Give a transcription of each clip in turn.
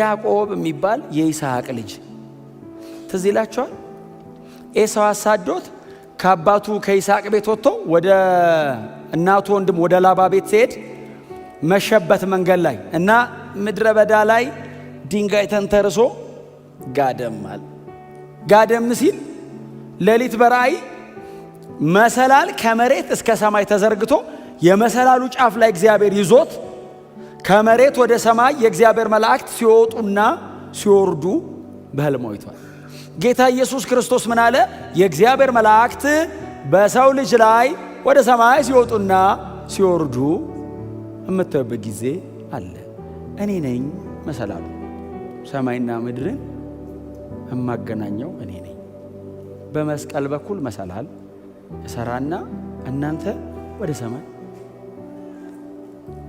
ያዕቆብ የሚባል የይስሐቅ ልጅ ትዝ ይላችኋል። ኤሳው አሳዶት ከአባቱ ከይስሐቅ ቤት ወጥቶ ወደ እናቱ ወንድም ወደ ላባ ቤት ሲሄድ መሸበት መንገድ ላይ እና ምድረ በዳ ላይ ድንጋይ ተንተርሶ ጋደም አለ። ጋደም ሲል ሌሊት በራእይ መሰላል ከመሬት እስከ ሰማይ ተዘርግቶ የመሰላሉ ጫፍ ላይ እግዚአብሔር ይዞት ከመሬት ወደ ሰማይ የእግዚአብሔር መላእክት ሲወጡና ሲወርዱ በህልም አይቷል። ጌታ ኢየሱስ ክርስቶስ ምን አለ? የእግዚአብሔር መላእክት በሰው ልጅ ላይ ወደ ሰማይ ሲወጡና ሲወርዱ የምታዩበት ጊዜ አለ። እኔ ነኝ መሰላሉ። ሰማይና ምድርን የማገናኘው እኔ ነኝ። በመስቀል በኩል መሰላል እሰራና እናንተ ወደ ሰማይ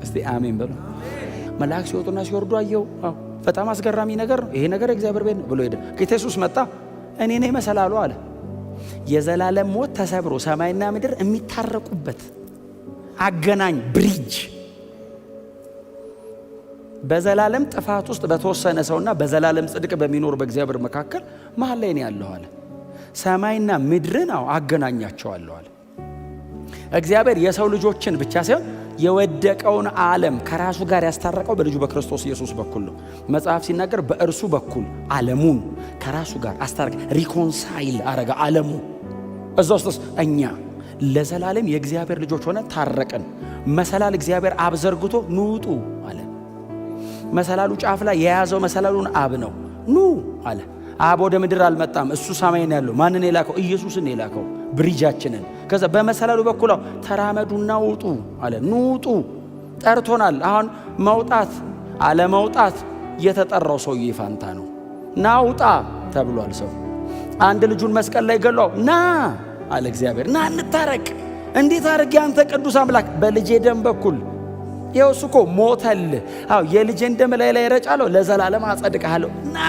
እስቲ አሜን በሉ። መልአክ ሲወጡና ሲወርዱ አየው። በጣም አስገራሚ ነገር ነው ይሄ ነገር እግዚአብሔር ቤት ነው ብሎ ሄደ። ጌታ ኢየሱስ መጣ። እኔ ነኝ መሰላሉ አለ። የዘላለም ሞት ተሰብሮ ሰማይና ምድር የሚታረቁበት አገናኝ ብሪጅ በዘላለም ጥፋት ውስጥ በተወሰነ ሰውና በዘላለም ጽድቅ በሚኖር በእግዚአብሔር መካከል መሀል ላይ ነው ያለው አለ። ሰማይና ምድርን አዎ አገናኛቸዋለሁ አለ። እግዚአብሔር የሰው ልጆችን ብቻ ሳይሆን የወደቀውን ዓለም ከራሱ ጋር ያስታረቀው በልጁ በክርስቶስ ኢየሱስ በኩል ነው። መጽሐፍ ሲናገር በእርሱ በኩል ዓለሙን ከራሱ ጋር አስታረቀ፣ ሪኮንሳይል አረገ። ዓለሙ እዛ ውስጥ እኛ ለዘላለም የእግዚአብሔር ልጆች ሆነ ታረቅን። መሰላል እግዚአብሔር አብ ዘርግቶ ንውጡ አለ። መሰላሉ ጫፍ ላይ የያዘው መሰላሉን አብ ነው። ኑ አለ። አብ ወደ ምድር አልመጣም። እሱ ሰማይ ያለው። ማንን የላከው? ኢየሱስን የላከው ብሪጃችንን። ከዛ በመሰላሉ በኩል ተራመዱና ውጡ አለ። ኑ ውጡ ጠርቶናል። አሁን መውጣት አለመውጣት የተጠራው ሰውዬ ፋንታ ነው። ና ውጣ ተብሏል። ሰው አንድ ልጁን መስቀል ላይ ገሏው። ና አለ እግዚአብሔር። ና እንታረቅ። እንዴት አድርጌ አንተ ቅዱስ አምላክ በልጄ ደም በኩል ይኸው እሱ እኮ ሞተል። አዎ የልጄን ደም ላይ ላይ ረጫለሁ፣ ለዘላለም አጸድቅሃለሁ። ና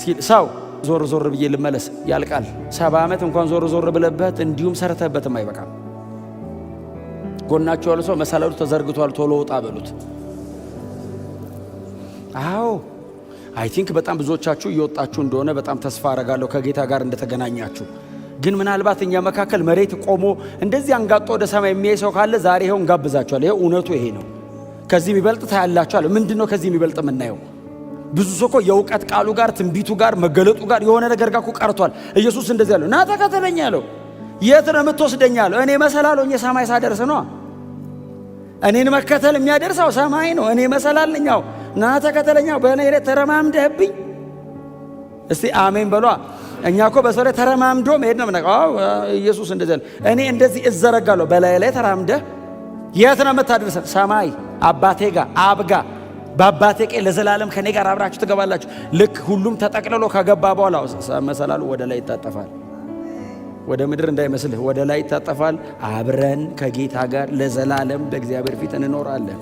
ሲል ሰው ዞር ዞር ብዬ ልመለስ ያልቃል። ሰባ ዓመት እንኳን ዞር ዞር ብለበት እንዲሁም ሰርተበትም አይበቃም። ጎናቸው ያሉ ሰው መሰላሉ ተዘርግቷል፣ ቶሎ ወጣ በሉት። አዎ አይ ቲንክ በጣም ብዙዎቻችሁ እየወጣችሁ እንደሆነ በጣም ተስፋ አረጋለሁ ከጌታ ጋር እንደተገናኛችሁ። ግን ምናልባት እኛ መካከል መሬት ቆሞ እንደዚህ አንጋጦ ወደ ሰማይ የሚያይ ሰው ካለ ዛሬ ይኸው እንጋብዛችኋል። ይኸው እውነቱ ይሄ ነው። ከዚህ የሚበልጥ ታያላችኋል። ምንድን ነው ከዚህ የሚበልጥ የምናየው? ብዙ ሰው እኮ የእውቀት ቃሉ ጋር ትንቢቱ ጋር መገለጡ ጋር የሆነ ነገር ጋር እኮ ቀርቷል። ኢየሱስ እንደዚህ ያለው ና ተከተለኝ አለው። የት ነው የምትወስደኝ አለው። እኔ መሰላል ሆኜ ሰማይ ሳደርስ ነው። እኔን መከተል የሚያደርሰው ሰማይ ነው። እኔ መሰላል ነኝ። አዎ ና ተከተለኝ። በእኔ ላይ ተረማምደህብኝ። እስቲ አሜን በሏ። እኛ እኮ በሰው ላይ ተረማምዶ መሄድ ነው ምናቀ ኢየሱስ እንደዚህ ያለው እኔ እንደዚህ እዘረጋለሁ። በላይ ላይ ተራምደህ የት ነው የምታደርሰን? ሰማይ አባቴ ጋር አብ በአባቴ ቀኝ ለዘላለም ከኔ ጋር አብራችሁ ትገባላችሁ። ልክ ሁሉም ተጠቅልሎ ከገባ በኋላ መሰላሉ ወደ ላይ ይታጠፋል። ወደ ምድር እንዳይመስልህ ወደ ላይ ይታጠፋል። አብረን ከጌታ ጋር ለዘላለም በእግዚአብሔር ፊት እንኖራለን።